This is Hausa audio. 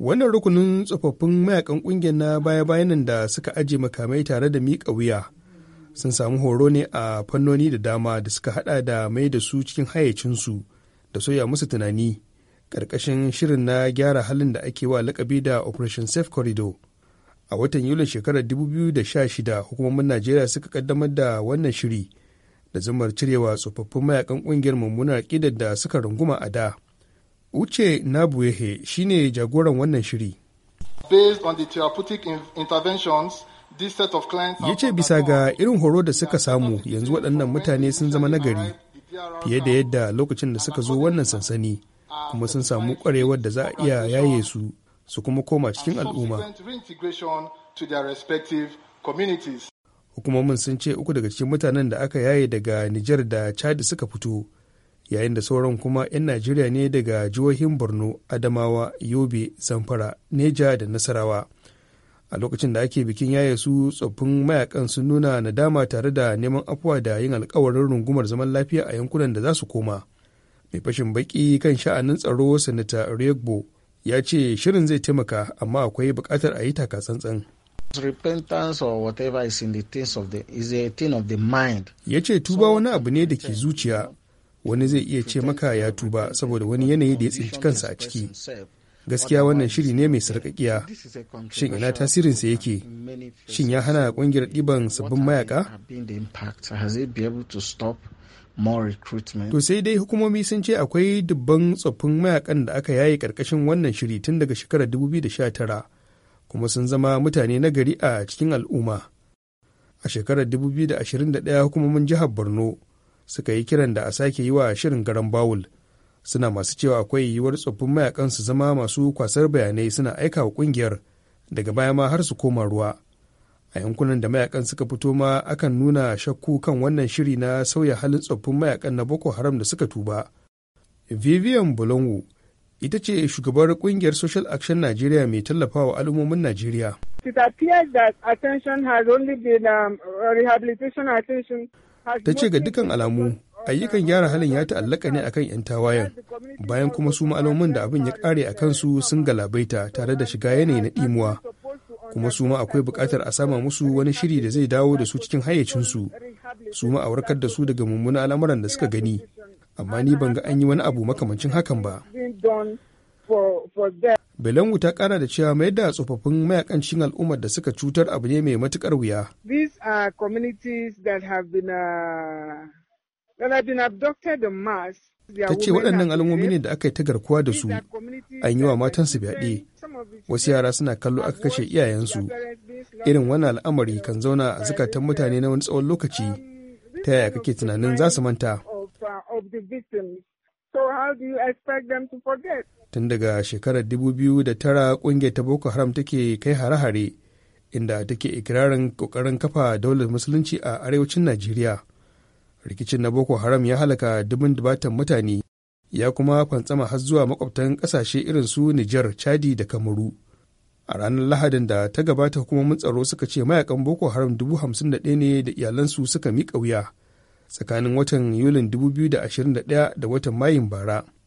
Wannan rukunin tsofaffin mayakan kungiyar na baya-bayan nan da suka aje makamai tare da miƙa wuya sun samu horo ne a fannoni da dama da suka hada da mai da su cikin hayyacinsu da soya musu tunani ƙarƙashin shirin na gyara halin da ake wa lakabi da Operation Safe Corridor. a watan yulin shekarar 2016 hukumomin najeriya suka kaddamar da wannan shiri da zumar cirewa tsofaffin mayakan kungiyar mummunar ƙidar da suka runguma a da Uche Nabuehe ne jagoran wannan shiri. Based on the therapeutic interventions ya ce bisa ga irin horo da suka samu yanzu waɗannan mutane sun zama nagari fiye da yadda lokacin da suka zo wannan sansani kuma sun samu ƙwarewar da za a iya yaye su su kuma koma cikin al'umma hukumomin sun ce uku daga cikin mutanen da aka yaye daga nijar da chad suka fito yayin da sauran kuma 'yan najeriya ne daga jihohin borno adamawa yobe zamfara neja da nasarawa a lokacin da ake bikin yaye su tsoffin mayakan sun nuna nadama tare da neman afuwa da yin alkawarin rungumar zaman lafiya a yankunan da za su koma mai fashin baki kan sha'anin tsaro sanata regbo ya ce shirin zai taimaka amma akwai bukatar a yi taka tsantsan Ya ce tuba wani abu ne da ke zuciya wani zai iya ce maka ya tuba saboda wani yanayi da ya tsinci kansa a ciki gaskiya wannan shiri ne mai sarƙaƙiya shin ina tasirinsa yake shin ya hana ƙungiyar ɗiban sabbin mayaka to sai dai hukumomi sun ce akwai dubban tsoffin mayakan da aka yaye karkashin wannan shiri tun daga shekarar 2019 kuma sun zama mutane na gari a cikin al'umma a shekarar 2021 hukumomin jihar borno suka yi kiran da a sake yi wa shirin garan bawul suna masu cewa akwai yiwuwar tsoffin mayakan su zama masu kwasar bayanai suna aika wa kungiyar daga baya ma har su koma ruwa a yankunan da mayakan suka fito ma akan nuna shakku kan wannan shiri na sauya halin tsoffin mayakan na boko haram da suka tuba vivian bolongo ita ce shugabar kungiyar social action nigeria mai tallafa wa al'ummomin nigeria ta ce ga dukkan alamu ayyukan gyara halin ya ta'allaka ne akan 'yan tawayen bayan kuma su ma'alomin da abin ya kare a kansu sun galabaita tare da shiga yanayi na ɗimuwa kuma su ma akwai bukatar a sama musu wani shiri da zai dawo da su cikin hayyacinsu su ma a warkar da su daga mummunan al'amuran da suka gani amma ni ban ga an yi wani abu makamancin hakan ba belongu ta kara da cewa mai da tsofaffin mayakan cin al'ummar da suka cutar abu ne mai matukar wuya. These are communities that have been, uh, that have been abducted mass. ta ce waɗannan al'ummomi ne da aka yi ta garkuwa da su an yi wa matansu fyaɗe wasu yara suna kallo aka kashe iyayensu irin wani al'amari kan zauna a zukatan mutane na wani tsawon lokaci um, ta yaya kake tunanin za su manta uh, tun daga shekarar da tara kungiyar ta boko haram take kai hare-hare inda take ikirarin kokarin kafa daular musulunci a arewacin najeriya rikicin na boko haram ya halaka dubin dubatan mutane ya kuma fantsama har zuwa makwabtan kasashe irin su nijar chadi da kamaru a ranar lahadin da ta gabata hukumomin tsaro suka ce mayakan boko haram dubu hamsin da ne da iyalansu suka miƙa wuya tsakanin watan yulin 2021 da watan Mayin bara